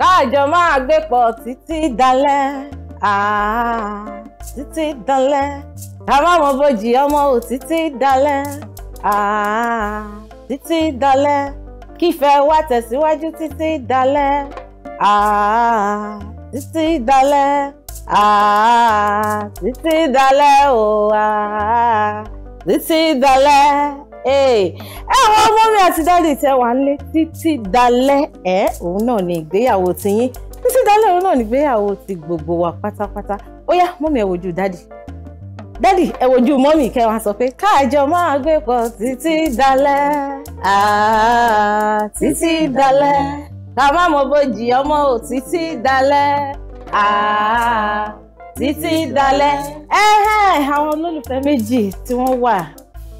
káàjọ máa gbé pọ̀ títí dalẹ́ títí dalẹ́ ká má mọ bójì ọmọ ò títí dalẹ́ títí dalẹ́ kífẹ́ wa tẹ̀síwájú títí dalẹ́ títí dalẹ́ títí dalẹ́ o títí dalẹ́. ẹ wọ mọ́mí àti dáàdì tẹ wà nílé títí dalẹ́ ẹ òun náà ni ìgbéyàwó tiyín títí dalẹ́ òun náà ni ìgbéyàwó ti gbogbo wa pátápátá ó yá mọ́mí ẹ wojú dáàdì dáàdì ẹ wojú mọ́mí kẹ́ wá sọ pé káàjọ máa gbé pọ títí dalẹ́ títí dalẹ́ ká má mọ bójì ọmọ ò títí dalẹ́ títí dalẹ́ àwọn olólùfẹ́ méjì tí wọ́n wà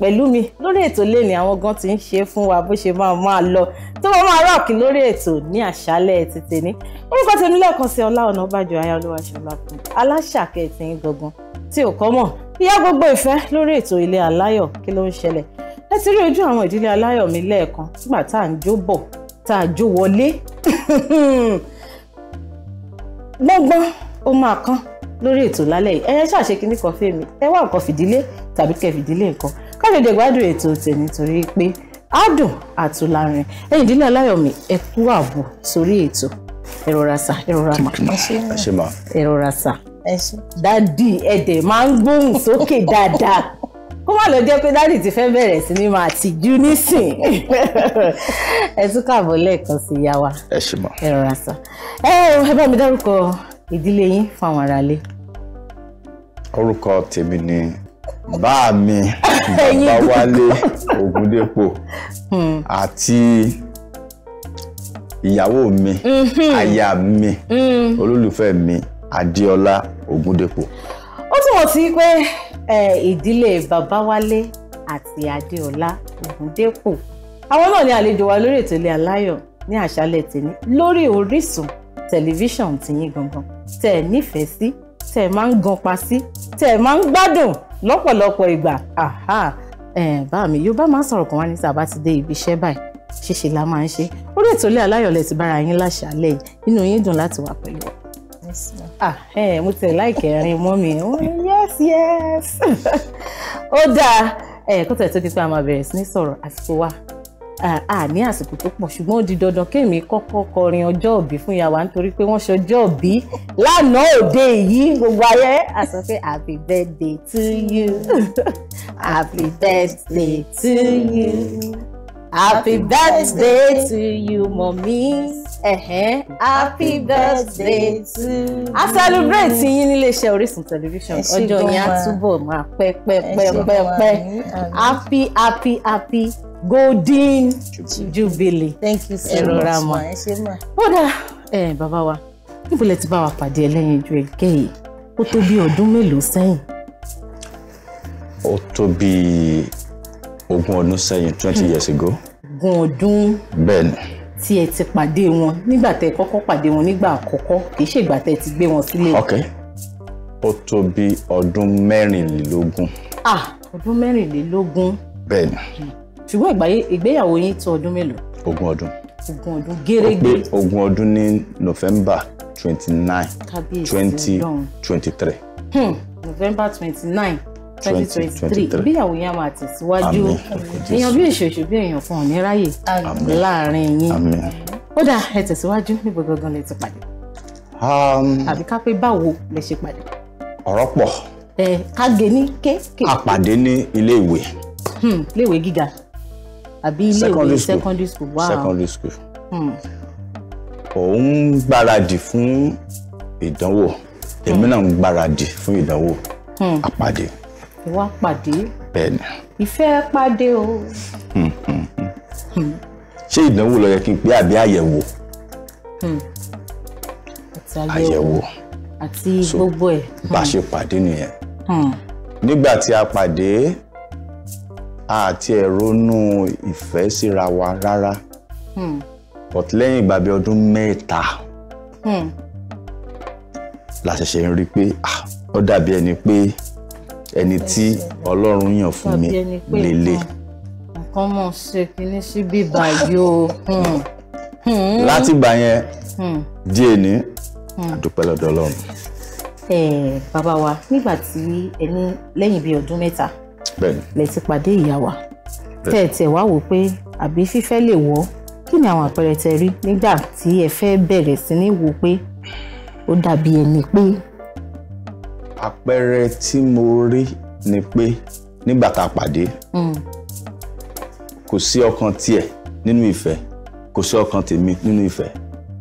pẹ̀lú mi lórí ètò lẹ́ni àwọn gan ti ń ṣe fún wa bó ṣe máa máa lọ tó máa máa rọ̀ọ̀kì lórí ètò ní àṣálẹ̀ tètè ní orúkọ tèmi lẹ́ẹ̀kan sí Ọlá Ọ̀nàbàjọ aya Olúwaṣọlá fún aláṣàkẹ́ tí ń gangan tí ò kọ́ mọ̀ ìyá gbogbo ìfẹ́ lórí ètò ilé aláyọ̀ kí ló ń ṣẹlẹ̀ ẹ ti rí ojú àwọn ìdílé aláyọ̀ mi lẹ́ẹ̀kan nígbà tá à ń jó bọ̀ tá a jó wọlé gbọ́ngbọ́n ó máa kán lórí ètò lálẹ́ yìí ẹ ṣàṣe kínní kan fèmí ẹ wá nǹkan fìdílé tàbí kẹfìdílé nǹkan kárẹ̀dẹ̀ gbádùn ètò tèmi torí pé adùn àtúlárin ẹ̀yin ìdílé aláyọ̀mí ẹ kú ààbò sórí ètò ẹ rọra sà ẹ rọra mà ẹ rọra sà dádì ẹ̀dẹ̀ máa ń gbóhùn sókè dáadáa kó má lọ jẹ́ pé dádì ti fẹ́ bẹ̀rẹ̀ sí ni máa tìjú nísìn ẹ tún káàbọ̀ lẹ́ẹ̀kan sí ìyá wa ẹ rọra sà ẹ ẹ bá mi dárúkọ ìdílé yín fún àwọn aráalé. orúkọ tèmi ni bá mi Babawálé Ògúndépò hmm. àti ìyàwó mi mm-hmm. aya mi mm. olólùfẹ́ mi Adéọlá Ògúndépò. ó túmọ̀ sí pé ìdílé Babawálé àti Adéọlá Ògúndépò àwọn náà ni àlejò wa lórí ètò ilé aláyọ̀ ní àṣálẹ́ tèmi lórí Orísun tẹlifíṣàn tìyín gangan tẹ́ ẹ nífẹ̀ẹ́ sí tẹ́ ẹ máa ń gan pa sí tẹ́ ẹ máa ń gbádùn lọ́pọ̀lọpọ̀ ìgbà bá mi yóò bá máa sọ̀rọ̀ kan wá ní sábà ti dé ibi iṣẹ́ báyìí ṣíṣe la máa ń ṣe orí ètò ilé aláyọ̀lẹ̀ ti bára yín láṣàlẹ̀ yìí inú yín dùn láti wà pẹ̀lú wa. mo tẹ̀ láìkẹ́ rin mọ́ mi yes yes ó dáa kó tẹ̀ tó di pé a máa bẹ̀rẹ̀ sí ní sọ̀rọ̀ àsìkò wa àní àsìkò tó pọ̀ ṣùgbọ́n ó di dandan kémi kọ́kọ́ kọrin ọjọ́ òbí fún ìyá wa nítorí pé wọ́n ṣọjọ́ òbí lánàá òde yìí gbogbo ayé àsọ happy birthday to you happy birthday to you happy birthday to you mọ̀mí ẹ̀hẹ́n happy birthday to you. a celebrate yín nílé iṣẹ́ Orísun tẹlifíṣàn ọjọ́ yẹn á túbọ̀ máa pẹ́ pẹ́ pẹ́ pẹ́ happy happy happy golden jubilee thank you so much ma ẹ ṣe mà. kódà bàbá wa níbo lẹ ti bá wa pàdé ẹlẹ́yinjú ẹ̀kẹ́ yìí ó tó bí ọdún mélòó sẹ́yìn. ó tó bí ogún ọdún sẹ́yìn twenty years ago. ogún ọdún. bẹ́ẹ̀ ni. tí ẹ ti pàdé wọn nígbà tẹ kọ́kọ́ pàdé wọn nígbà àkọ́kọ́ kì í ṣègbà tẹ ti gbé wọn sílé. ok ó tó bí ọdún mẹ́rìnlélógún. ah ọdún mẹ́rìnlélógún. bẹ́ẹ̀ ni. Hmm ṣùgbọ́n ìgbéyàwó yín tó ọdún mélòó. ogún ọdún. ogún ọdún gérégé. ó pé ogún ọdún ní november twenty hmm, nine twenty twenty three. november twenty nine twenty twenty three ìgbéyàwó yẹn a máa tẹ̀síwájú èèyàn bí èṣòṣò bí èèyàn fún ọ̀nì ráyè láàrin yín ó dáa ẹ tẹ̀síwájú níbo gangan lè ti pàdé um, àbí ká pé báwo lè ṣe pàdé. ọ̀rọ̀ pọ̀. ká gé ní kéékèèké. a pàdé ní ilé ìwé. Hmm, ilé ìwé gíga àbí ilé ìwé secondary school wow secondary school hmm. òun ń gbáradì fún ìdánwò èmi hmm. náà ń gbáradì fún ìdánwò àpàdé. Hmm. ìwà pàdé bẹ́ẹ̀ni. ìfẹ́ pàdé o. ṣé ìdánwò ló yẹ kí n pé àbí àyẹ̀wò. àyẹ̀wò àti gbogbo ẹ̀. bá a ṣe pàdé nìyẹn. nígbà tí a pàdé. Hmm àti ẹ̀rọnú ìfẹ́ síra wa rárá hmm. but lẹ́yìn ìgbà bíi ọdún mẹ́ta hmm. la ṣẹ̀ṣẹ̀ ń rí i pé ah, ó dàbí ẹni pé ẹni tí ọlọ́run yàn fún mi lélẹ̀. nǹkan mọ̀ ṣe kínní sí bíbá yìí o. Hmm. láti ìgbà yẹn díẹ̀ ní àdúpẹ́ lọ́dọ̀ ọlọ́run. Eh, bàbá wa nígbà tí ẹni lẹ́yìn bíi ọdún mẹ́ta lẹ ti pàdé ìyá wa tẹ́ ẹ tẹ̀ wá wò pé àbí fífẹ́ lè wọ́ kí ni àwọn àpẹẹrẹ tẹ́ rí nígbà tí ẹ fẹ́ bẹ̀rẹ̀ sí ní wò pé ó dàbí ẹni pé. àpẹẹrẹ tí mo rí ni pé nígbà tá a pàdé hmm. kò sí ọkàn tiẹ̀ nínú ìfẹ́ kò sí ọkàn tèmi nínú ìfẹ́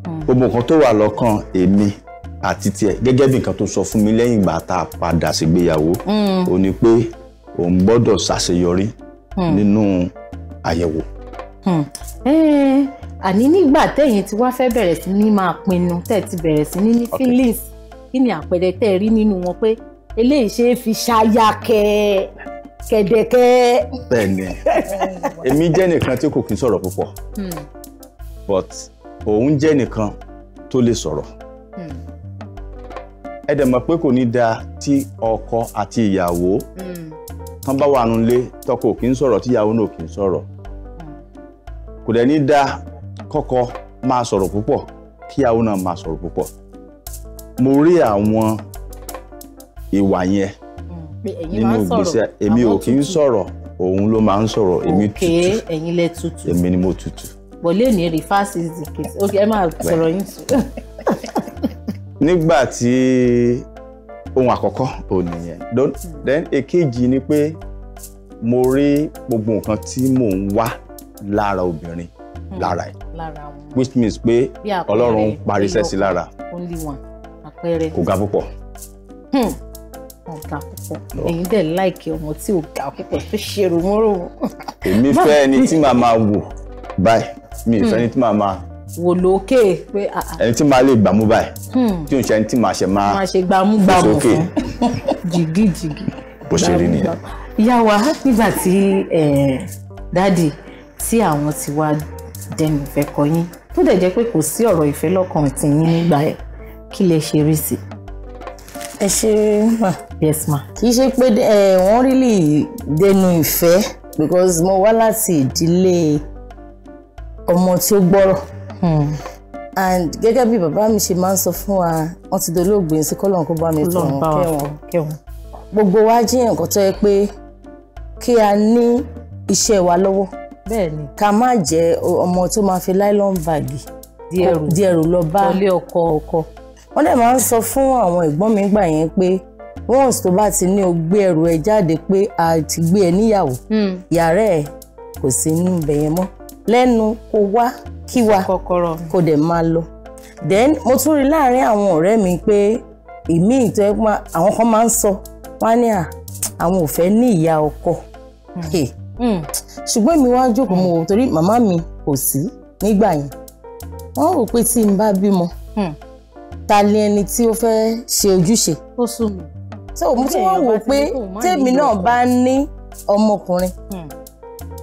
hmm. gbogbo nǹkan tó wà lọ́kàn èmi àti tiẹ̀ gẹ́gẹ́ bí nǹkan tó sọ fún mi lẹ́yìn ìgbà tá a padà sígbéyàwó hmm. ó ní pé òun gbọ́dọ̀ ṣàṣeyọrí hmm. nínú àyẹ̀wò. Hmm. àní nígbà tẹ̀yìn tí wàá fẹ́ bẹ̀rẹ̀ sí ní máa pinnu tẹ̀ ti bẹ̀rẹ̀ sí ní ní feelings kí ni àpẹẹrẹ tẹ̀ rí nínú wọn pé eléyìí ṣe é fi ṣáyà kẹ́ẹ́ kẹ̀dẹ̀kẹ́. bẹ́ẹ̀ni èmi jẹ́ nìkan tí kò kí n sọ̀rọ̀ púpọ̀ hmm. but òun jẹ́ nìkan tó lè sọ̀rọ̀ ẹ dẹ̀ mọ̀ pé kò ní dáa tí ọkọ àti ìyàwó tán bá wà nulé tọkọ kì í sọ̀rọ̀ tíyàwó náà kì í sọ̀rọ̀ kò dẹ̀ ní da kọ́kọ́ máa sọ̀rọ̀ púpọ̀ kíyàwó náà máa sọ̀rọ̀ púpọ̀ mo rí àwọn ìwà yẹn nínú ìgbésẹ̀ èmi ò kì í sọ̀rọ̀ òun ló máa ń sọ̀rọ̀ èmi tutù ẹ̀yin lẹ tutù èmi ni mo tutù. bọ̀lẹ́ ní rìfásì zikit ok ẹ máa sọ̀rọ̀ yín tù. nígbà tí ohun àkọ́kọ́ òun nìyẹn then èkejì ni pé mo rí gbogbo nǹkan tí mò ń wá lára obìnrin hmm, lára ẹ̀ which means pé ọlọ́run ń parí sẹ́sì lára kò ga púpọ̀ ọ̀gá hmm, púpọ̀ èyí dẹ̀ láìkí ọmọ tí ọ̀gá púpọ̀ tó ṣe rùmọ́rùmọ́. èmi fẹ́ ẹni tí màá máa wò báyìí mi ì fẹ́ ẹni tí màá máa wò lókè pé. Ah, ah. ẹni tí màá lè gbàmú báyìí hmm. tí ò ń ṣe ẹni tí màá ṣe máa máa ṣe gbàmú gbàmú fún jìgì jìgì. bó ṣe rí nìyẹn. ìyá wa nígbà tí dáàdì tí àwọn ti wá dẹnu ìfẹ́ kọ yín tó dẹ̀ jẹ́ pé kò sí ọ̀rọ̀ ìfẹ́ lọ́kàn tì yín nígbà ẹ̀ kí lè ṣe rí sí. ẹ ṣe mà. yes ma. kì í ṣe pé wọ́n rí lè dẹnu ìfẹ́ because mo wá láti ìdílé ọmọ tí ó gbọ́rọ̀ Hmm. and gẹ́gẹ́ bí bàbá mi ṣe máa ń sọ fún wa wọ́n ti dolóògbé sí kọ́lọ́n kó bá mi tọ̀ wọ́n kẹwọn. gbogbo wa jẹ́ nǹkan tó yẹ pé kí a ní iṣẹ́ wa lọ́wọ́ ká má jẹ́ ọmọ tó máa fi nylon bag di ẹrù lọ bá ọlé ọkọ ọkọ. wọ́n dẹ̀ máa ń sọ fún àwọn ẹ̀gbọ́n mi gbà yẹn pé once tó bá ti ní o gbé ẹrù ẹ jáde pé a ti gbé ẹ níyàwó hmm. yàrá ẹ kò sí ní ibẹ̀ yẹn mọ́ lẹ́nu kó wá kí wa kó dẹ̀ máa lọ then mo tún rí láàrin àwọn ọ̀rẹ́ mi pé èmi ìtọ́ ẹ pa àwọn kan máa ń sọ wọn á ní à àwọn ò fẹ́ ní ìyá ọkọ hmm. Hmm. ṣùgbọ́n èmi wá jókòó hmm. mo torí màmá mi kò sí nígbà yẹn wọ́n rò pé tí n bá bímọ ta ni ẹni tí ó fẹ́ ṣe ojúṣe. ó sùn mí. so mo tún wá wò pé tèmi náà bá ní ọmọkùnrin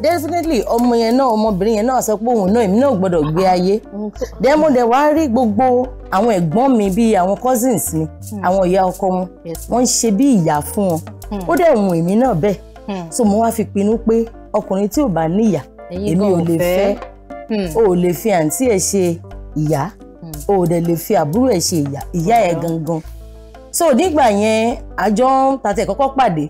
definitely ọmọ yẹn náà ọmọbìnrin yẹn náà sọ pé òun náà èmi náà gbọ́dọ̀ gbé ayé then mo dẹ̀ wá rí gbogbo àwọn ẹ̀gbọ́n mi bíi àwọn cousins mi hmm. àwọn ìyá ọkọ wọn wọ́n ń ṣe bí ìyá fún wọn hmm. ó dẹ̀ wùn èmi náà bẹ́ẹ̀ hmm. so mo wá fi pinnu pé ọkùnrin tí ò bá níyà èmi ò lè fẹ́ o ò lè fi àǹtí ẹ̀ ṣe ìyá o ò dẹ̀ lè fi àbúrò ẹ̀ ṣe ìyá ìyá ẹ̀ gangan so nígbà yẹn àjọ tàtẹ̀ kọ́kọ́ pàdé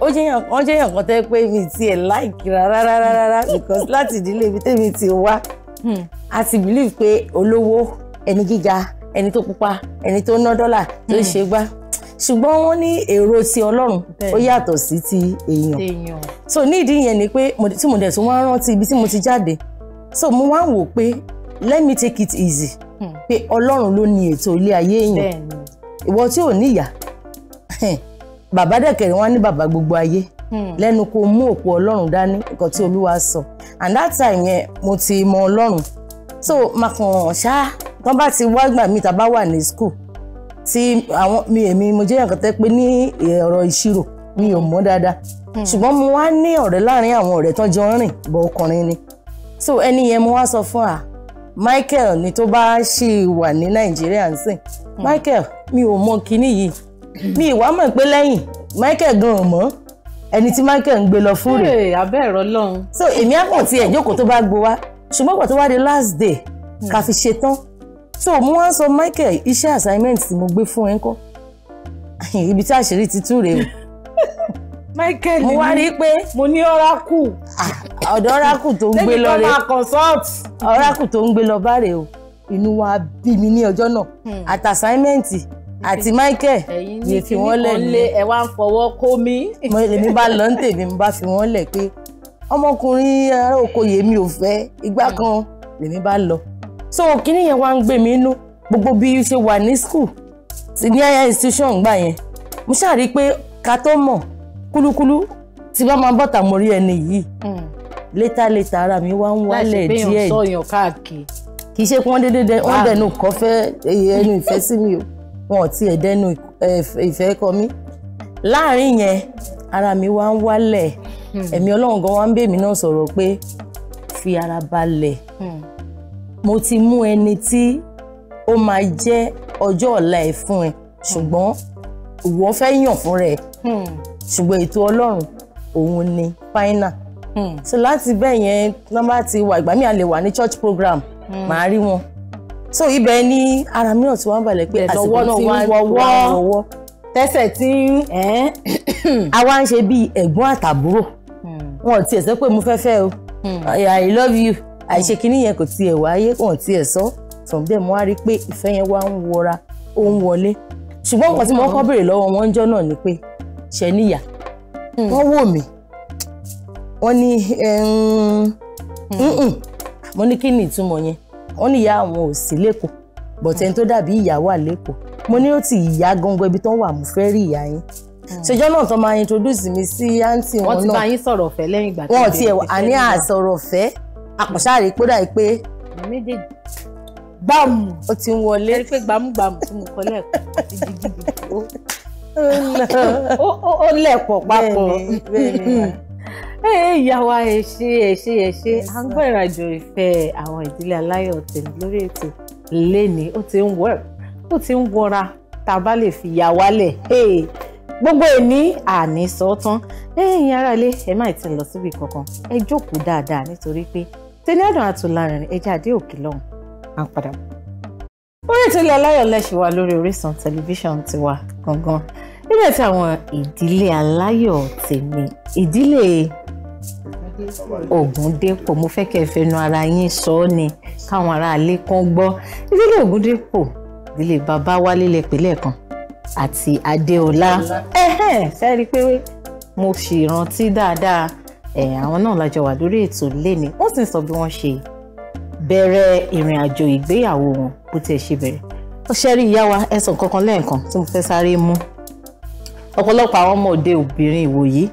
ó jẹ́ yàn kan jẹ́ yàn kan tẹ́ pé mi ti ẹ̀ láìkí rárá rárá rárá because láti ìdílé ibi tẹ́mi ti wá hmm. a ti believe pé olówó ẹni gíga ẹni tó pupa ẹni tó ná dọ́là tó hmm. ṣe gbá ṣùgbọ́n wọ́n ní èrò ti ọlọ́run ó yàtọ̀ sí ti èèyàn so ní ìdí yẹn ni pé tí mo dẹ̀ tún wá rántí ibi tí mo ti jáde so mo wá wò pé let me take it easy hmm. pé ọlọ́run ló ní ètò ilé ayé èèyàn ìwọ tí ò níyà bàbá dẹ̀kẹ̀rẹ̀ wọn ní bàbá gbogbo ayé hmm. lẹ́nu kó mú òpó ọlọ́run dání nǹkan tí olúwa sọ and that time yẹn mo ti mọ ọlọ́run so mà kàn ṣá tán bá ti wá gbà mí tàbá wà ní school tí àwọn mi èmi mo jẹ́ yàn kan pé ní ọ̀rọ̀ ìṣirò mi ò mọ̀ dáadáa hmm. ṣùgbọ́n mo wá ní ọ̀rẹ́ láàrin àwọn ọ̀rẹ́ tán jọ ń rìn bọ̀ ọkùnrin ni so ẹni yẹn mo wá sọ fún à Michael ni tó bá ṣì wà ní Nàìjíríà ń hmm. Michael mi ò mọ kinní yìí mi ìwà mọ̀ pé lẹ́yìn Michael gan mọ́ ẹni tí Michael ń gbé lọ fún rẹ̀. ee abẹ́ ẹ̀rọ lọ́hùn. so èmi á kàn tiẹ̀ jókòó tó bá gbowá ṣùgbọ́n pàtó wá dé last day hmm. ká fi ṣe tán so mo wá ń sọ Michael iṣẹ́ assignment tí mo gbé fún ẹ ń kọ́ ibi tí àṣírí ti tú rèé o. Michael mo wá rí i pé mo ní oracle. Ah, ọ̀dọ̀ oracle tó ń gbé lọ rèé lẹ́yìn tó máa consult. oracle tó ń gbé lọ bá rèé o inú wa bí mi ní ọjọ́ náà at hmm. assignment àti Michael yìí fi wọ́n lẹ̀ ní. ẹ wá ń fọwọ́ kó mi. mo èmi bá lọ ní tèmi mo bá fi wọ́n lẹ̀ pé ọmọkùnrin ará oko yèmi ò fẹ́ igbá hmm. kan lèmi bá lọ. so kínní yẹn wá ń gbé mi inú gbogbo bí o ṣe wà ní school sí ní higher institution gbà yẹn mo ṣáà rí i pé ká tó mọ̀ kúlúkúlú tí bá máa bọ̀tà mo rí ẹni yìí létà hmm. létà ara mi wá ń wálẹ̀ díẹ̀ kì í ṣe pé wọ́n dédé wọ́n ah. dẹnu kọ́ fẹ́ ẹnu ìfẹ́ sí mi o wọn ò tiẹ̀ dẹnu ìfẹ́ kọ mí láàrin yẹn ara mi wá ń wálẹ̀ hmm. ẹ̀mí ọlọ́run gan wá ń bèmí náà sọ̀rọ̀ pé fi ara balẹ̀ hmm. mo ti mú ẹni tí ó máa jẹ́ ọjọ́ ọ̀la ẹ̀ fún ẹ ṣùgbọ́n ìwọ fẹ́ yàn fún rẹ hmm. ṣùgbọ́n ètò ọlọ́run òun ni final so láti bẹ́ẹ̀ yẹn nọ́mbà ti wà ìgbà míì a lè wà ní church program màá rí wọn so ibẹ̀ ni ara mìíràn ti wá ń balẹ̀ pé àsìkò tí ń wọ́wọ́ tẹ́sẹ̀ tí a wá ń ṣe bíi ẹ̀gbọ́n àtàbúrò hmm. wọn ò tiẹ̀ sọ pé mo fẹ́ fẹ́ o hmm. i love you àìṣe hmm. kinní yẹn kò tiẹ̀ wáyé wọn ò tiẹ̀ sọ tàn bẹ́ẹ̀ mo wá rí i pé ìfẹ́ yẹn wá ń wọra ó ń wọlé ṣùgbọ́n nǹkan tí mo kọ́ béèrè lọ́wọ́ wọn ń jọ́ náà ni pé ṣẹ níyà wọ́n wò mí wọ́n ní mo ní kí ni ìtumọ̀ yẹn wọ́n ní ìyá àwọn ò sí lẹ́kọ̀ọ́ bọ̀tẹ́ni tó dàbí ìyá wà lẹ́kọ̀ọ́ mo ní ó ti ìyá gangan ibi tó ń wà mo fẹ́ rí ìyá yín hmm. ṣèjọ́ náà tó máa introduce mi sí àǹtí wọn náà wọ́n ti bá yín sọ̀rọ̀ ọ̀fẹ́ lẹ́yìn ìgbà tí wọ́n ti ẹ̀ àní àsọ̀rọ̀ ọ̀fẹ́ àpọ̀ṣáre kó dà pé gbàmù ó ti ń wọlé ẹni pé gbàmù gbàmù tí mo kọ lẹ́ẹ̀kan gidigidi ó lẹ̀pọ̀ papọ̀ bẹ́ẹ̀ ni bẹ́ẹ̀ ni ìyá wa ẹ ṣé ẹ ṣé ẹ ṣé à ń gbọ́ ìrìnàjò ìfẹ́ àwọn ìdílé aláyọ̀ tèmi lórí ètò lẹ́ni ó ti ń wọ̀ ó ti ń wọra tá a bá lè fi yà wálẹ̀ gbogbo ẹni àní sọ tán ẹ̀yin ará ilé ẹ má ti lọ síbi kankan ẹ jókòó dáadáa nítorí pé tẹni àdùn àtòlárin ẹ jáde òkè lọ́hùn à ń padà bọ̀. orí ètò Ilé Aláyọ̀ lẹ́sìn wa lórí Orísun tẹlifíṣàn tiwa gangan nígbà tí àwọn ìdílé aláyọ̀ tèmi ìdílé Ògúndépò mo fẹ́ kẹ́ fẹnu ara yín sọ ọ́ ni káwọn aráalé kan gbọ́ ìdílé Ògúndépò ìdílé bàbá wálé lẹ́pẹ̀lẹ́ kan àti Adéọlá ṣe rí i pé mo sì rántí dáadáa àwọn náà lájọ wà lórí ètò lẹ́ni wọ́n sì ń sọ bí wọ́n ṣe bẹ̀rẹ̀ ìrìn àjò ìgbéyàwó wọn bó tiẹ̀ ṣe bẹ̀rẹ̀ ó ṣe rí ìyá wa ẹ̀sùn kankan lẹ́ẹ̀kan tí mo fẹ́ sáré mú ọ̀pọ̀lọpọ̀ àwọn ọmọ òde obìnrin ìwòyí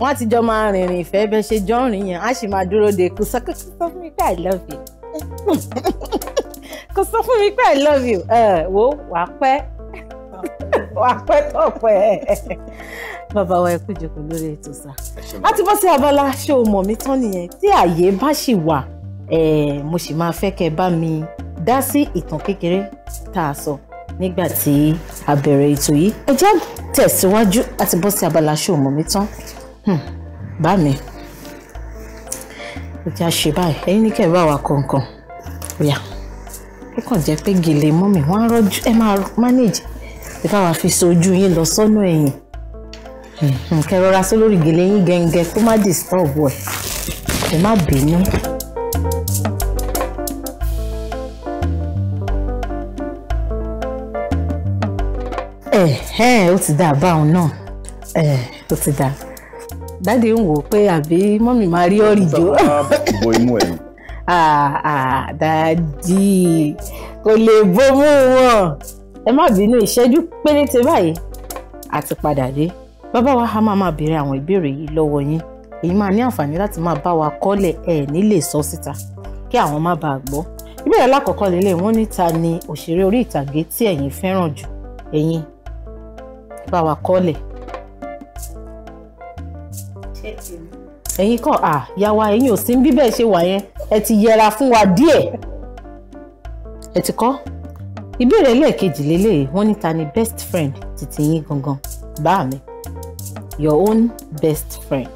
wọ́n ti jọ máa rìnrìn ìfẹ́ bẹ́ẹ̀ ṣe jọ ń rìn yẹn á sì máa dúró de kò sọ kò sọ fún mi pé i love you kò sọ fún mi pé i love you ẹ wo wà á pẹ́ wà á pẹ́ tó pẹ́ bàbá wa ẹ kú jòkó lórí ètò sá láti bọ́ sí abala ṣé o mọ̀ mi tán nìyẹn tí àyè bá sì wà mo sì máa fẹ́ kẹ́ bá mi dá sí ìtàn kékeré tá a sọ nígbà tí a bẹ̀rẹ̀ ètò yìí ẹ jẹ́ tẹ̀síwájú àti bọ́ sí abala ṣé o mọ̀ mi tán Hmm, bá mi ò já ṣe báyìí ẹ̀yin ní kẹ́ bá wa kọ̀ọ̀kan yà ó kàn jẹ́ pé gèlè mọ́ mi wọ́n á rọ́jú ẹ máa manage ẹ bá wa fi sojú yín lọ sọ́nà ẹ̀yìn hmm, kẹ́ rọra sí lórí gèlè yín gẹ́ngẹ́ kó má disturb ẹ̀ ẹ má bínú. ẹ ẹ ó ti dà báwọn náà ẹ dáde ń wò pé àbí mọ́mì máa rí ọ̀rì jó. bo imú ẹ̀ ni. dádì kò lè bomú wọn ẹ má bínú ìṣẹ́jú péréte báyìí àti padà dé bàbá wa a máa máa béèrè àwọn ìbéèrè yìí lọ́wọ́ yín èyí máa ní àǹfààní láti máa bá wa kọ́lẹ̀ ẹ̀ nílé sọ síta kí àwọn má bàa gbọ́ ìbéèrè alákọ̀ọ́kọ́ lélẹ̀ wọ́n ní ni òṣèré orí ìtàgé tí ẹ̀yin fẹ́ràn jù ẹ̀yin bá wa kọ́lẹ̀ ẹ̀yin kàn à yàwá ẹ̀yin ò sí bí bẹ́ẹ̀ ṣe wà yẹn ẹ ti yẹra fún wa díẹ̀ ẹ ti kọ́ ìbéèrè lẹ́ẹ̀kejì lélẹ́yìí wọ́n ní ta ni best friend títí yín gangan bá mi your own best friend.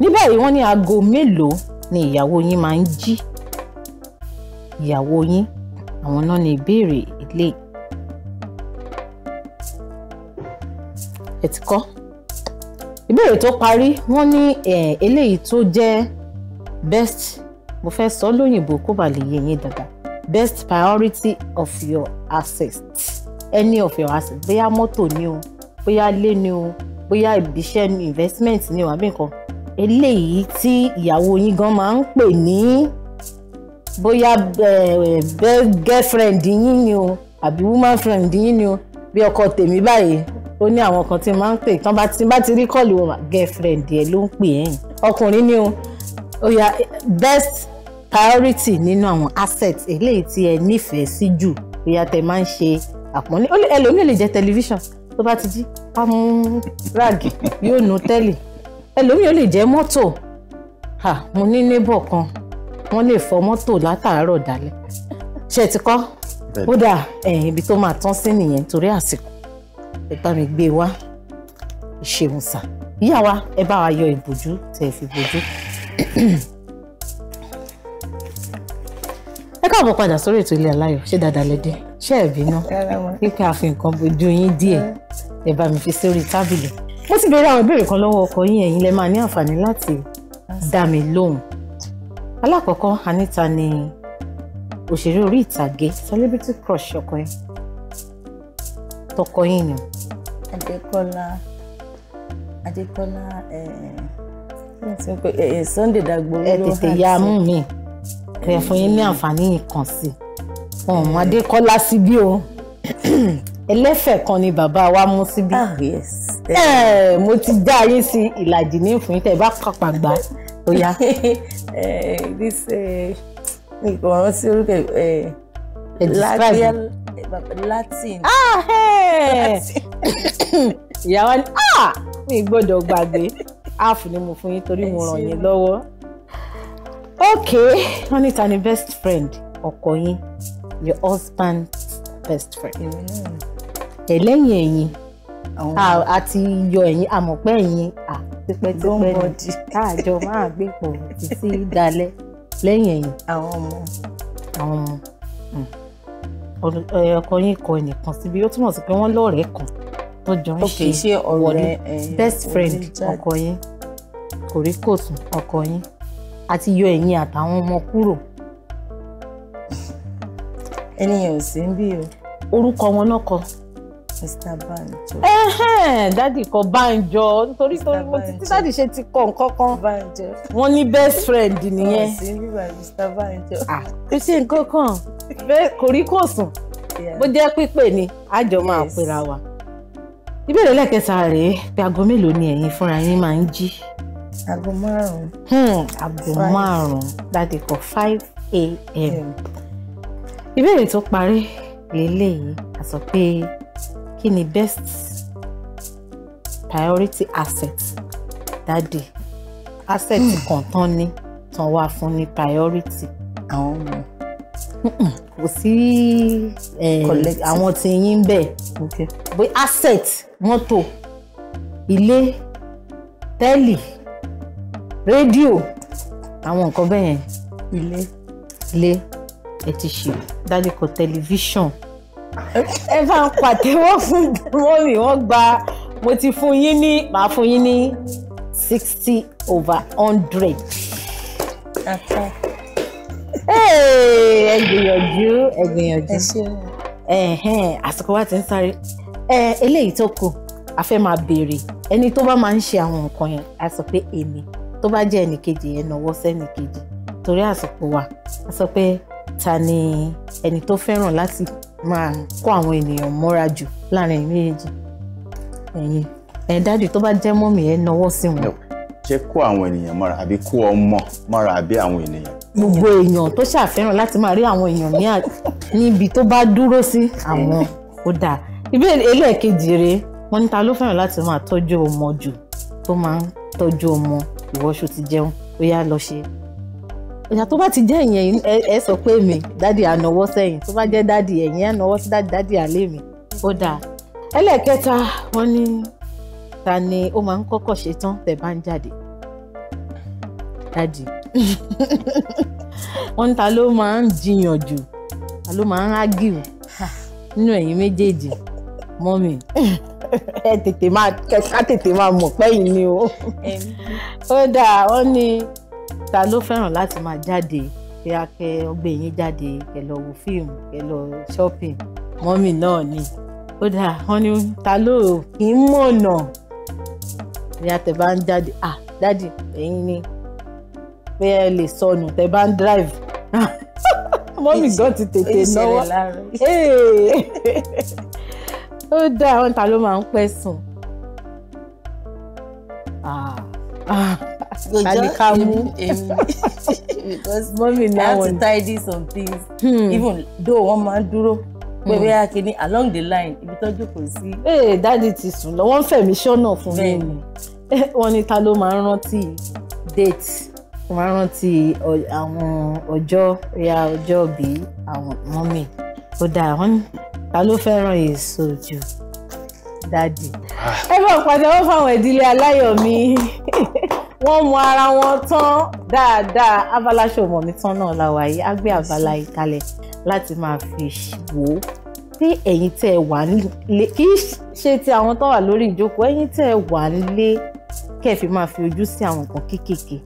ní báyìí wọ́n ní aago mélòó ni ìyàwó yín máa ń jí ìyàwó yín àwọn náà ní ìbéèrè ilé ẹ ti kọ́. ìbéèrè tó parí wọ́n ní eléyìí tó jẹ́ best mo fẹ́ sọ lóyìnbó kó bà lè yé yín dáadáa best priority of your assets any of your assets bóyá mọ́tò ni o bóyá ilé ni o bóyá ibiṣẹ́ ni investment ni o àbí nǹkan eléyìí tí ìyàwó yín gan máa ń pè ní bóyá girlfriend yín ni o àbí woman friend yín ni o bí ọkọ tèmi báyìí ó ní àwọn kan tí n máa ń pè tán bá ti bá ti rí kọ́ọ̀lù wọn girlfriend ẹ̀ ló ń pè ẹ́ yìn ọkùnrin ni ó yá best priority nínú àwọn asset eléyìí tí ẹ nífẹ̀ẹ́ sí jù ó yá tẹ máa ń ṣe àpọ́nlé ẹlòmíì lè jẹ́ tẹlifíṣàn tó bá ti jí á mú ráàgì yóò nu tẹ́lì ẹlòmíì ó lè jẹ́ mọ́tò mo ní nébọ̀ kan wọ́n lè fọ mọ́tò látàárọ̀ dálẹ̀ ṣe ti kọ́ ó dà ibi tó máa tán sí nìyẹn torí àsìkò ẹ bá mi gbé wá ìṣeun sà ìyá wa ẹ bá wa yọ ìbòjú tẹ fi bòjú. ẹ káàbọ̀ padà sórí ètò ilé aláyọ̀ ṣé dáadáa lẹ dé ṣé ẹ bínú pípẹ́ àfihàn kan bójú yín díẹ̀ ẹ bá mi fi sórí tábìlì mo ti béèrè àwọn ìbéèrè kan lọ́wọ́ ọkọ yín ẹ̀yin lẹ máa ní àǹfààní láti dá mi lóhùn alákọ̀ọ́kọ́ Anita ni òṣèré orí ìtàgé celebrity crush ọkọ ẹ tọkọ yín ni. Adékọ́lá Adékọ́lá Sunday Dagboru ló hàn sí. ẹ tètè ya mú mi kẹ fún yín ní mm. àǹfààní yìí kàn sí ọmọ Adékọ́lá síbí o ẹlẹ́fẹ̀ kan ni bàbá wa mú síbí. Ah, mo ti dá ayé sí ìlàjì ní ìfún yín tẹ́ ẹ bá pàpà gbà ó yá. nǹkan ọ̀rọ̀ sí orúkẹ ẹ describe latin. Ah, ìyá wa ni ah! mi gbọ́dọ̀ gbàgbé half ni mo fún yín torí mo ràn yín lọ́wọ́. ok wọ́n ní ta ni best friend ọkọ yín your husband's best friend. ẹlẹ́yìn ẹ̀yìn àti yọ ẹ̀yìn àmọ̀pẹ́ ẹ̀yìn tipẹ́tipẹ́ ni káàjọ máa gbé pọ̀ títí dalẹ̀ lẹ́yìn ẹ̀yìn. àwọn ọmọ. àwọn ọmọ. Hmm. Eh, ọkọ yín kọ ẹnìkan síbi ó túmọ̀ sí pé wọ́n lọ́ọ̀rẹ́ kan tó jọ ń ṣe wọlé eh, best friend ọkọ yín kòríkòsùn ọkọ yín àti yọ ẹ̀yin àtàwọn ọmọ kúrò. ẹnìyàn ò sí ń bí o. orúkọ wọn náà kọ sista banjo. dádì kọ banjo nítorí torí mo ti tí ṣe ti kọ nǹkan kan wọ́n ní best friend nìyẹn. Ah, bíbá sista banjo. kò ṣe nǹkan kan bẹ́ẹ̀ kò rí kò sùn bó jẹ́ pípé ni àjọ máa pera wa. ìbéèrè lẹ́kẹ̀ẹ́sà rèé pé aago mélòó ni ẹ̀yin fúnra yín máa ń jí. aago márùn-ún. Hmm, aago márùn-ún dádì kọ five a.m. ìbéèrè tó parí lélẹ́yìí a kí ni best priority asset dáàdì asset hmm. kan tán ni tán wá fún ní priority àwọn ọmọ kò sí eh, àwọn tí yín bẹ́ẹ̀ bí asset mọ́tò ilé tẹ́lì rédíò àwọn nǹkan bẹ́ẹ̀ yẹn ilé ilé ẹ ti ṣe dájú kọ tẹlifíṣàn ẹ bá ń pàtẹ́wọ́ fún mọ́mì wọ́n gba mo ti fún yín ní màá fún yín ní sixty over hundred. ẹ gbìyànjú ẹ gbìyànjú àsìkò wa ti ń sáré eléyìí tó kù a fẹ́ máa béèrè ẹni tó bá máa ń ṣe àwọn nǹkan yẹn a sọ pé èmi tó bá jẹ́ ẹnìkejì yẹn náwó sẹ́nìkejì torí àsìkò wa a sọ pé ta ni ẹni tó fẹ́ràn láti máa kó àwọn ènìyàn mọ́ra jù láàrin méjèèjì ẹ̀yin ẹ̀ dájú tó bá jẹ́ mọ́mì ẹ̀ náwó sí wọn. ṣé kó àwọn ènìyàn mọ́ra àbí kó ọmọ mọ́ra àbí àwọn ènìyàn. gbogbo èèyàn tó ṣàfẹ́ràn láti máa rí àwọn èèyàn níbi tó bá dúró sí àwọn ó dáa ìbéèrè ẹlẹ́ẹ̀kejì rèé wọ́n ní ló fẹ́ràn láti máa tọ́jú ọmọ jù tó máa ń tọ́jú ọmọ ìwọ́ṣù ti jẹun ó yá lọ ṣe ìyá tó bá ti jẹ́ ìyẹn ẹ sọ pé mi dádì ànáwọ́ sẹ́yìn tó bá jẹ́ dádì ẹ̀yìn ànáwọ́ sí dádì mi ó dáa ẹlẹ́ẹ̀kẹta wọ́n ní ta ni ó máa ń kọ́kọ́ ṣe tán tẹ̀ bá ta ló máa ń ta ló máa ń nínú méjèèjì mọ́mì ẹ tètè máa ká tètè máa mọ̀ ó dáa ta ló fẹ́ràn láti máa jáde kí a kẹ ọgbẹ́ yín jáde kẹ lọ wo fíìmù kẹ lọ shopping mọ́mì náà ni kódà wọ́n ní ta ló kì í mọ̀nà ìyá tẹ̀ bá ń jáde ah dáàdì ẹ̀yin ni pé ẹ lè sọnù tẹ̀ bá ń drive mọ́mì gan ti tètè náwó ó dáa wọn ta ló máa ń pẹ́ sùn. ah ah kalikamu because mommy na i want to tidy some things hmm. even though wọn máa duro, dúró pé hmm. bí along the line ibi tọ́jú kò sí. ee dáàdi ti sùn lọ wọ́n fẹ̀mí ṣọ́nà fún mi ni wọ́n ní ta ló máa ń rántí date máa ń rántí àwọn ọjọ́ ya ọjọ́ bíi àwọn mọ́mì ó dáa wọ́n ní ta ló fẹ́ràn èso jù dáàdi. Ah. ẹ bá padà wọ́n fáwọn ìdílé aláyọ̀ mi. wọ́n mu ara wọn tán dáadáa abala ṣòmọ̀ mi tán náà la wà yìí á gbé abala yìí kalẹ̀ láti máa fi wò ó tí ẹ̀yin tẹ́ ẹ wà nílé kì í ṣe ti àwọn tó wà lórí ìjókòó ẹ̀yin tẹ́ ẹ wà nílé kẹ́ ẹ fi máa fi ojú sí àwọn nǹkan kéékèèké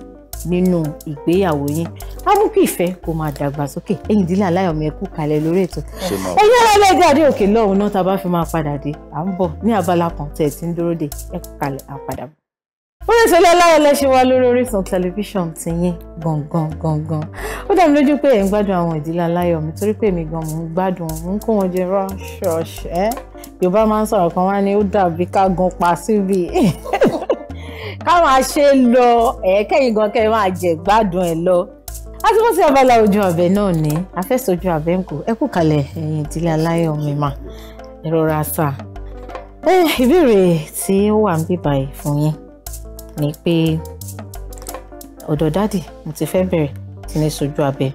nínú ìgbéyàwó yín ábùkù ìfẹ́ kò máa dàgbà sókè ẹ̀yin ìdílé aláyọ̀mí ẹ̀kú kalẹ̀ lórí ètò ẹ̀yin alágbègbè àdé òkè lọ́hùn náà tá a bá fi máa padà dé à ń bọ̀ ní abala kan tẹ̀ tí ń dúró dé ẹ̀kú kalẹ̀ àpadàbọ̀ orí ìṣẹ̀lẹ̀ aláyọ̀lẹ̀ ṣe wá lórí Orísun tẹlifíṣàn tìyín gangan gangan ó dá mi lójú pé ẹ̀ ń gbádùn àwọn ìdílé aláyọ̀ mi torí pé èmi gan mò ń gbádùn mò ń kó wọn jẹ ránṣọṣẹ́ Yorùbá máa ń sọ̀rọ̀ kan wá ní ó dàbí ká gan pa síbi ká máa ṣe lọ ẹ̀ẹ́kẹ́yìn gan kẹ́ ẹ máa jẹ gbádùn ẹ̀ lọ àti bó ti abala ojú ọbẹ̀ náà ní afẹ́sọ̀jú àbẹ́ǹkù ẹ kú kalẹ̀ ẹ̀yìn ìdílé aláyọ̀ mi mà ẹ̀rọ ra sáà ìbéèrè tí ó wà ń bíbáyìí fún yín ni pé ọ̀dọ̀ dáàdì mo ti fẹ́ bẹ̀rẹ̀ sí ní sojú abẹ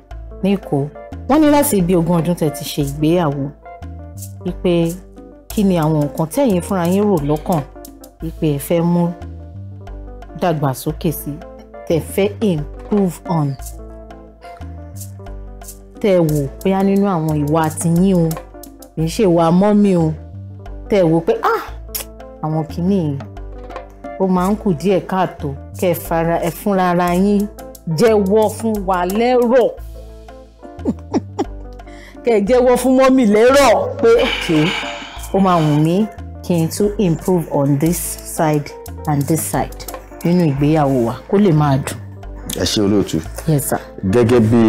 ní èkó wọ́n ní láti ibi ogún ọdún tẹ̀ ti ṣe ìgbéyàwó wípé kí ni àwọn nǹkan tẹ̀yin fúnra yín rò lọ́kàn wípé ẹ fẹ́ mú dàgbàsókè sí tẹ̀ fẹ́ improve on tẹ̀ wò bóyá nínú àwọn ìwà àtìyín o kì í ṣe ìwà mọ́mí o tẹ̀ wò pé ah àwọn kìíní yìí ó máa ń kù díẹ̀ káàtó kẹ fara ẹ fúnra ara yín jẹ́wọ́ fún wa lẹ́rọ̀ kẹ jẹ́wọ́ fún mọ́mì lẹ́rọ̀ pé òkè ó máa wù mí kí n tún improve on this side and this side nínú ìgbéyàwó wa kó lè máa dùn. ẹ ṣe olóòtú. yes sir. gẹ́gẹ́ bí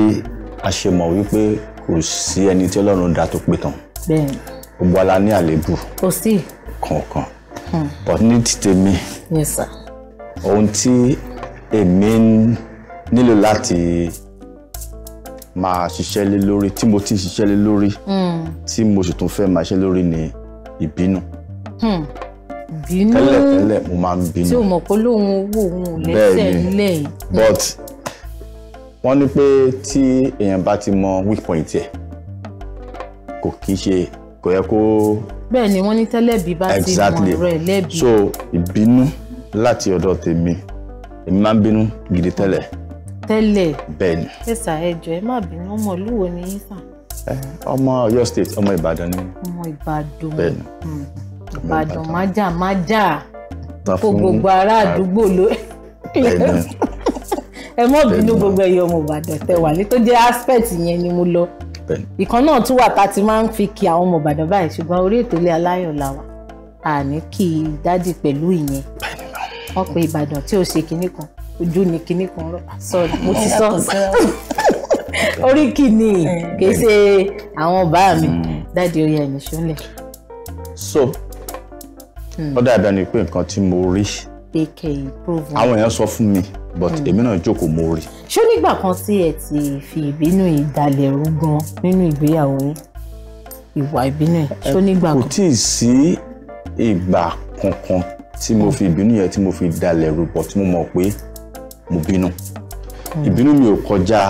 a ṣe mọ̀ wípé kò sí ẹni tí Ọlọ́run dá tó pé tán. bẹ́ẹ̀ni. gbogbo ala ní àléébù. kò sí. kọ̀ọ̀kan. Hmm. but ní ti tèmi ohun tí èmi nílò láti máa ṣiṣẹ́ lé lórí tí mo ti ṣiṣẹ́ lé lórí hmm. tí mo sì tún fẹ́ máa ṣe lórí ni ìbínú. Hmm. ìbínú tẹ́lẹ̀ tẹ́lẹ̀ mo máa ń bínú. tí o mọ̀ pé lóun owó òun ò lẹ́sẹ̀ nílẹ̀ but wọ́n ní pé tí èèyàn bá ti mọ weak point ẹ̀ kò kì ṣe kò yẹ kó bẹ́ẹ̀ ni wọ́n ní tẹ́lẹ̀bí bá ti mọ̀ ọ̀rọ̀ ẹ̀ lẹ́bi. so ìbínú láti ọ̀dọ̀ tèmi èmi máa ń bínú gidi tẹ́lẹ̀. tẹ́lẹ̀ bẹ́ẹ̀ ni. ẹ̀sà ẹ̀jọ̀ ẹ má bínú ọmọ ìlú wo ni yín sà. ọmọ Ọ̀yọ́ state ọmọ Ìbàdàn ni. ọmọ Ìbàdàn bẹ́ẹ̀ ni. Hmm. Ìbàdàn májà májà kó gbogbo ará àdúgbò ló ẹ mọ bínú gbogbo ẹyọ ọmọ Ìbàdàn tẹ wà ní tó jẹ aspect yẹn ni mo lọ ìkan náà tún wà tá a ti máa ń fi kí àwọn ọmọ ìbàdàn báyìí ṣùgbọ́n orí ètò ilé aláyọ̀ la wà àní kí i dádì pẹ̀lú ìyẹn wọ́n pe ìbàdàn tí ò ṣe kinní kan ojú ni kinní kan rọ ah, sọrí mo ti sọ orí kìíní kì àwọn bá mi hmm. dádì oyè ẹ̀yìn ṣúlẹ̀. so hmm. ó dàbí ẹni pé nǹkan tí mo rí àwọn èèyàn sọ fún mi but hmm. èmi náà jókòó mo rí ṣé nígbà kan sí ẹ ti fi ìbínú ìdàlẹ̀ rú gan nínú ìgbéyàwó yín ìwà ìbínú ẹ ṣó nígbà kan. kò tí ì sí ìgbà kankan tí mo fi ìbínú yẹn tí mo fi dalẹ̀ rú pọ̀ tí mo mọ̀ pé mo bínú hmm. ìbínú mi ò kọjá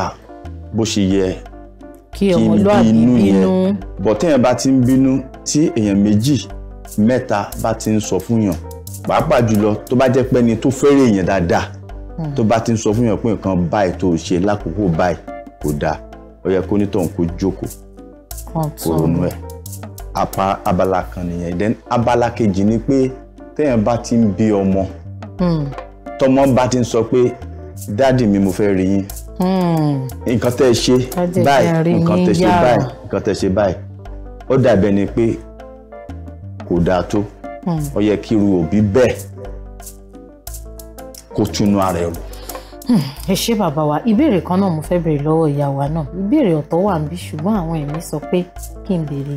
bó ṣe yẹ kí bínú yẹn bọ̀ téèyàn bá ti ń bínú tí èèyàn méjì mẹ́ta bá ti ń sọ fún yàn pàápàá jùlọ tó bá jẹ́ pẹ́ni tó fẹ́rẹ̀ èèyàn dáadáa tó bá ti ń sọ fún yàn pé nǹkan báyìí tó ṣe lákòókò báyìí kò dáa ó yẹ kó onítọ̀hún kó jókòó kó ronú ẹ̀ apá abala kan nìyẹn then abala kejì ni pé téèyàn bá ti ń bí ọmọ hmm. tọmọ bá ti ń sọ pé dáàdì mi mo fẹ́ rí yín hmm. nǹkan tẹ́ ẹ ṣe báyìí nǹkan tẹ́ ẹ ṣe báyìí nǹkan tẹ́ ẹ ṣe báyìí ó dàbẹ̀ ni pé kò dáa tó hmm. ó yẹ kí irú òbí bẹ́ẹ̀ kó túnú ara ẹ rò. Hmm, ẹ ṣé bàbá wa ìbéèrè kan náà mo fẹ́ béèrè lọ́wọ́ ìyá wa náà ìbéèrè ọ̀tọ̀ wà níbí ṣùgbọ́n àwọn ẹ̀mí sọ pé kí n béèrè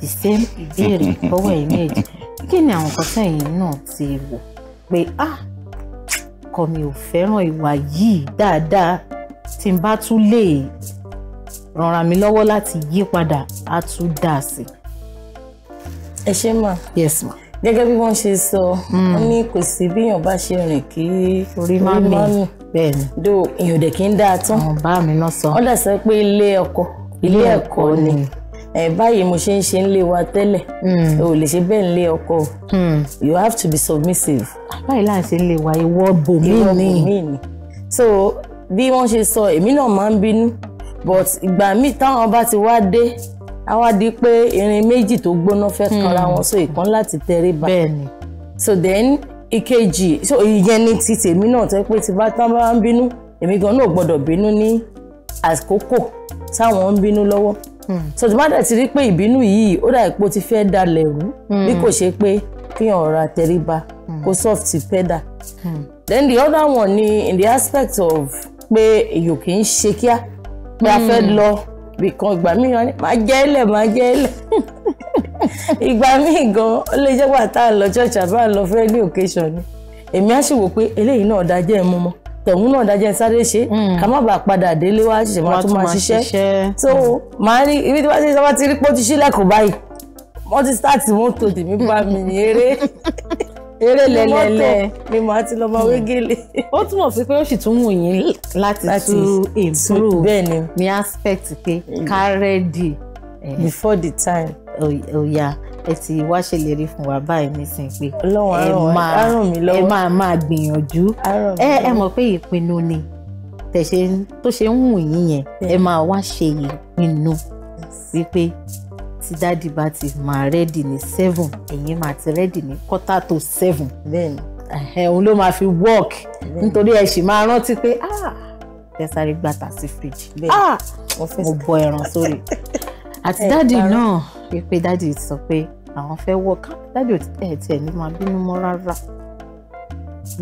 the same ìbéèrè lọ́wọ́ ẹ̀mí ẹ̀jẹ̀ kí ni àwọn kan sẹ́yìn náà ti wò pé ah ọkọ mi ò fẹ́ràn ìwà yìí dáadáa tí n bá tún lè rànra mi lọ́wọ́ láti yí padà á tún dà sí. ẹ ṣé mà. yes ma gẹ́gẹ́ bí wọ́n ṣe sọ hmm. wọ́n ní kò sí bíyàn bá ṣe rìn kí orí má mì bẹ́ẹ̀ do èèyàn dẹ̀ kí ń dáa tán bá mi náà sọ wọ́n dẹ̀ sọ pé ilé ọkọ ilé ẹ̀kọ́ ni báyìí mo ṣe ń ṣe ń lé wa tẹ́lẹ̀ hmm. o lè ṣe bẹ́ẹ̀ ń ọkọ hmm. you have to be submissive. Ah, báyìí láì ṣe ń lé wa ìwọ bòmí ni so bí wọ́n ṣe sọ èmi náà máa ń bínú but ìgbà míì táwọn bá ti wá dé a wá pé irin méjì tó gbóná fẹ́ kanra hmm. wọn so ìkan láti tẹríba bẹ́ẹ̀ni so then ìkejì so ìyẹn ni ti tèmi náà tẹ́ pé tí bá tán bá ń bínú èmi gan náà gbọ́dọ̀ bínú ní àkókò táwọn ń bínú lọ́wọ́ hmm. so tí bá dẹ̀ ti rí pé ìbínú yìí ó dà ipò ti fẹ́ dalẹ̀ rú bí hmm. kò ṣe pé kíyàn ọ̀rọ̀ àtẹríba kó soft pedal then the other one ni in the aspect of pé èyàn kì í ṣe kíá pé a fẹ́ lọ bìkan ìgbà mìíràn ni máa jẹ́ ẹlẹ̀ máa jẹ́ ẹlẹ̀ ìgbà míì gan ó lè jẹ́ pàtà lọ church àbá lọ fẹ́ ní occasion ni èmi á sì wò pé eléyìí náà dájẹ́ ẹ̀ mú mọ́ tẹ̀hún náà dájẹ́ sáré ṣe hmm. ká má bàa padà délé wá ṣẹ̀ṣẹ̀ máa tún máa ṣiṣẹ́ so máa rí ibi tí wọ́n ṣe sábà ti rí pé ó ti ṣílẹ̀kùn báyìí wọ́n ti start mọ́tò tèmi bá mi ní eré eré lẹ́lẹ́lẹ́ ni màá ti lọ́ọ́ máa wé gèlè. ó túmọ̀ sí pé ó sì tún wù yín láti tún improve ní aspect pé hmm. ká rẹ́dì. Eh. before the time. ọ̀ya ẹ ti wá ṣèlérí fún wa báyìí nísìnyí pé ẹ máa ẹ máa máa gbìyànjú ẹ ẹ mọ̀ pé ìpinnu ni tẹ̀sẹ̀ tó ṣe ń wù yín yẹn ẹ máa wá ṣe ìpinnu wípé tí dáàdì bá ti máa rẹ́dì ní seven ẹ̀yin máa ti rẹ́dì ní quarter to seven Then, òun ló máa fi work nítorí ẹ sì máa rántí pé ah ẹ sáré gbàtà sí fridge ah mo bọ ẹran sórí àti dáàdì náà pé dáàdì sọ pé àwọn fẹ́ work ah, dáàdì ẹ̀ tiẹ̀ ní máa bínú mọ́ rárá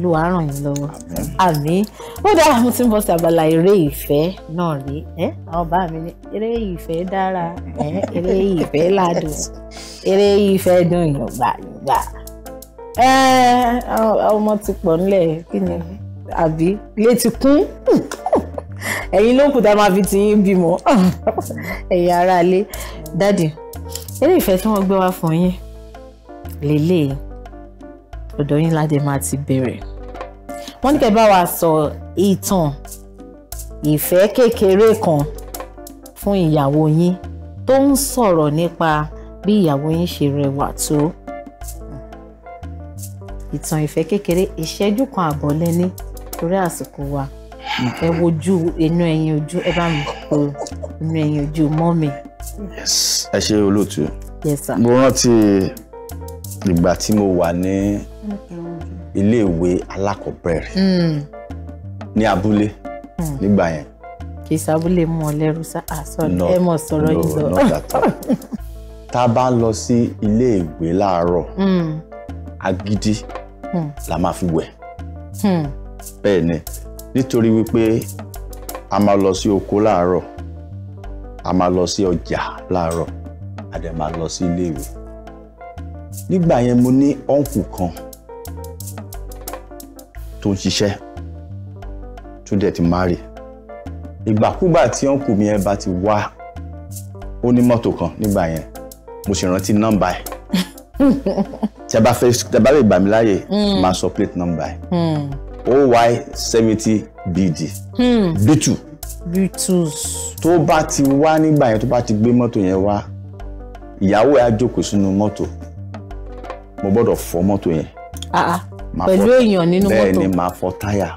ló wàá ràn yín lọ́wọ́ àmì ó dára mo ti ń bọ̀ sí abala eré ìfẹ́ náà rí ẹ àwọn bá mi ní eré ìfẹ́ dára ẹ eré ìfẹ́ ládùn eré ìfẹ́ dùn yọ̀gbà yọ̀gbà ẹ ọmọ ti pọ̀ nílẹ̀ kí ni àbí ilé ti kún ẹ̀yin ló kù tá a máa fi tiyín bímọ ẹ̀yin aráalé dáàdì eré ìfẹ́ tí wọ́n gbé wá fún yín lélẹ́yìí ọ̀dọ̀ yín ládé máa ti bẹ̀rẹ̀ wọ́n ní kẹ́ bá wa sọ ìtàn ìfẹ́ kékeré kan fún ìyàwó yín tó ń sọ̀rọ̀ nípa bí ìyàwó yín ṣe rẹwà tó ìtàn ìfẹ́ kékeré ìṣẹ́jú kan àbọ̀ lẹ́ni torí àsìkò wa ẹ wojú inú ẹyin ojú ẹ bá mi po inú ẹyin ojú mọ́ mi. ẹ ṣe olóòtú mo rántí ìgbà tí mo wà ní iléèwé alákọ̀ọ́bẹ̀rẹ̀ hmm. ní abúlé hmm. nígbà yẹn. kì í sábúlé mú ọ lẹ́rú ah, ẹ mọ̀ sọ̀rọ̀ yìí lọ. tá a bá ń lọ sí iléèwé láàárọ̀ hmm. agídí la máa fi wẹ̀ bẹ́ẹ̀ ni nítorí wípé a máa lọ sí oko láàárọ̀ a máa lọ sí ọjà láàárọ̀ a máa lọ sí iléèwé nígbà yẹn mo ní ọ̀nkù kan tó ń ṣiṣẹ́ tó dẹ̀ ti marry ìgbàkúgbà tí ọ̀nkù mi yẹn bá ti wá ó ní mọ́tò kan nígbà yẹn mo sì rántí nọ́mbà ẹ̀ tí a bá fẹ́ tí a bá lè gbà mí láàyè máa hmm. sọ plate nọ́mbà ẹ̀ hmm. oy seventy bd b two hmm. Beatles. tó bá ti wá nígbà yẹn tó bá ti gbé mọ́tò yẹn wá ìyàwó ẹ̀ á jókòó sínú mọ́tò mo gbọ́dọ̀ fọ mọ́tò yẹn. Ah, ah pẹ̀lú èèyàn nínú mọ́tò bẹ́ẹ̀ ni màá fọ táyà ah.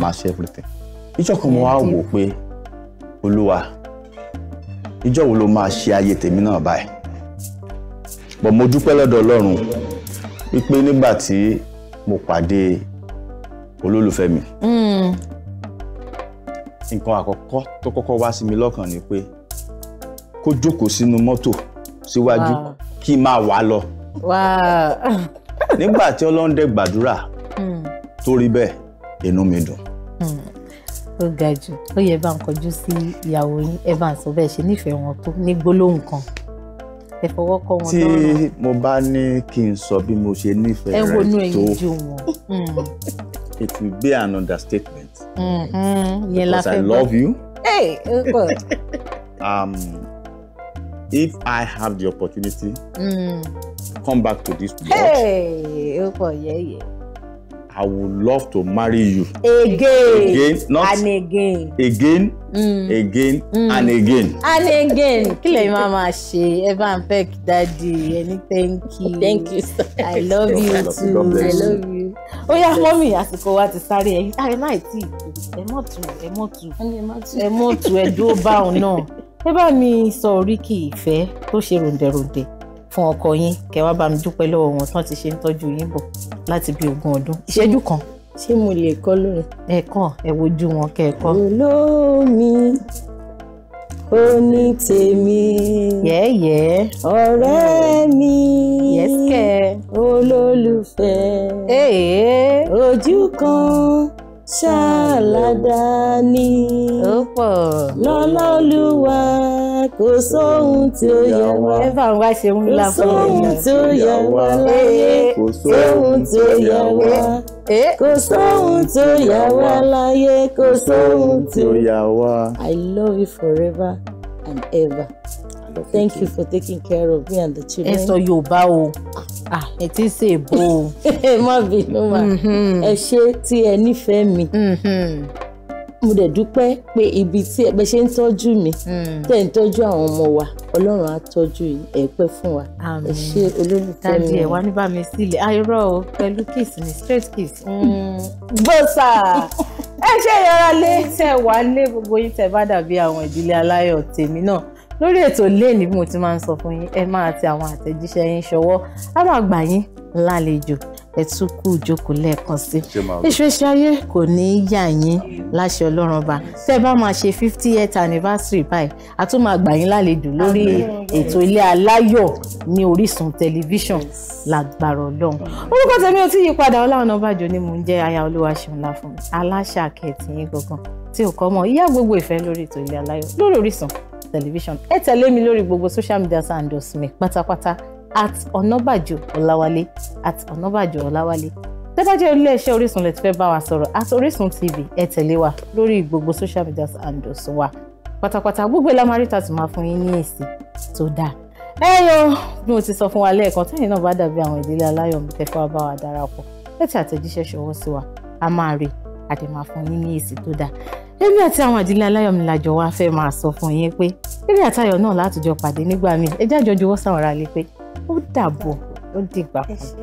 màá ṣe everything ìjọkan mo wá wò pé olúwa ìjọ wo ló máa ṣe ayé tèmi náà báyìí bọ̀ mo dúpẹ́ lọ́dọ̀ ọlọ́run wípé nígbà tí mo pàdé olólùfẹ́ mi hmm. nǹkan àkọ́kọ́ tó kọ́kọ́ wá sí mi lọ́kàn ni pé kó jókòó sínú mọ́tò síwájú kí n máa wà á lọ. nígbà tí ọlọ́ndẹ̀ gbàdúrà hmm. tó rí bẹ́ẹ̀ inú mi dùn. Hmm. ó ga jù ó yẹ bá ń kọjú sí ìyàwó yín ẹ bá ń sọ bẹ́ẹ̀ ṣe nífẹ̀ẹ́ wọn tó ní gbólóhùn kan ẹ fọwọ́ kọ́ wọn lọ́rùn. tí mo bá ní kí n sọ bí mo ṣe nífẹ̀ẹ́ rẹ tó ẹ wọnú ẹyin it will be an understatement. Hmm, yẹn la because i love you. Hey, oh um, if I have the opportunity, mm. come back to this world. Hey, oh, yeah, yeah. I would love to marry you. Again. Again. Not and again. Again. Mm. Again. Mm. And again. And again. Kí lè máa máa ṣe Evan Peck daddy Any thank you. Thank you sir. I love you too. I love you. Ó yá mọ́mì àsìkò wa ti sáré ẹ̀yìn. Ẹ má ì tí ẹ mọ̀ tù ẹ mọ̀ tù ẹ mọ̀ tù ẹ dúró báwọn náà ẹ bá mi sọ oríkì ìfẹ́ tó ṣe ròǹdẹ̀ròǹdẹ̀ fún ọkọ yín kẹ wá bá mi dúpẹ́ lọ́wọ́ wọn tán ti ṣe ń tọ́jú yín bọ̀ láti bí ogún ọdún ìṣẹ́jú kan. ṣé mo lè kọ́ lórin. ẹ kàn ẹ wojú wọn kẹ ẹ kọ́. olómi ó ní tèmi. yẹ́yẹ́. ọ̀rẹ́ mi. yẹ́sẹ̀. olólùfẹ́. ojú kan ṣàlàdání. ó kò sóhun tí ó yà wá. ẹ bá wa ṣe ń la fún mi. Eh, eh? kò sóhun tí ó yà wá láyé kò sóhun tí ó yà wá. kò sóhun tí ó yà wá láyé kò sóhun tí ó yà wá. I love you forever and ever. Thank, Thank you for taking care of me and the children. Ẹ sọ Yorùbá o, ẹ ti ṣe èbó o. Ẹ má bínú mà, mhm. ẹ ṣe tí ẹ nífẹ̀ẹ́ mi. Mhm. Mo dẹ̀ dúpẹ́ pé ibi tí ẹ ṣe ń tọ́jú mi, mm. tẹ̀ ń tọ́jú àwọn ọmọ wa, Ọlọ́run á tọ́jú ẹ pẹ́ fún wa. Ẹ ṣe olólùfẹ́ mi. Dàdí ẹ̀ wá ní bá mi sílẹ̀, ayọ̀rọ̀ ah, o, pẹ̀lú kiss ni straight kiss. Mm. Mm. Gbọ́sà! Ẹ ṣe ìyára lé tẹ̀ wá lé gbogbo yín tẹ̀ bá dàbí àwọn ìdílé aláyọ̀ tèmi náà lórí ètò lẹ́ẹ̀ni bí mo ti máa ń sọ fún yín ẹ máa ti àwọn àtẹ̀jíṣẹ́ yín ṣọwọ́ á máa gbà yín lálejò ẹ tún kú ìjókòó lẹ́ẹ̀kan sí ìṣeṣe ayé kò ní í yà yín láṣẹ ọlọ́run bá tẹ́ ẹ bá máa ṣe fifty eight anniversary báyìí a tún máa gbà yín lálejò lórí ètò ilé aláyọ̀ ní Orísun tẹlifíṣàn lágbára ọlọ́run orúkọ tèmi ò tí yí padà Ọlá Ọ̀nàbàjọ́ ni mò ń jẹ́ aya Olúwaṣeunlá fún mi aláṣà kẹtì yín gangan tí ò kọ́ mọ́ ìyá gbogbo ìfẹ́ lórí ètò ilé aláyọ̀ lórí Orísun television ẹ tẹ̀lé mi lórí gbogbo social media handles mi pátápátá at ọ̀nàbàjò ọ̀làwálé at ọ̀nàbàjò ọ̀làwálé tẹ́bàjẹ́ iléeṣẹ́ orísun lè ti fẹ́ bá wa sọ̀rọ̀ at orísun tv ẹ tẹ̀lé wa lórí gbogbo social media handles wa pátápátá gbogbo ẹ̀ la máa rí tàtí máa fún yín ní èsì tó dáa ẹ yọ bí mo ti sọ fún wa lẹ́ẹ̀kan tẹ́yìn náà bá dàbí àwọn ìdílé aláyọ̀ mi tẹ́fẹ́ wá bá wa darapọ̀ ẹ ti àtẹ̀jíṣẹ́ ṣọwọ́ sí wa a máa rí àdèmà fún yín ní èsì tó dáa èmi àti àwọn ìdílé aláyọ̀ mi làjọ wa fẹ́ máa sọ fún yín pé eré àtayọ̀ náà látòjọ pàdé nígbà míì ẹ jájọ juwọ́ sáwọn ará lé pé ó dàbọ̀ ó dìgbà kan.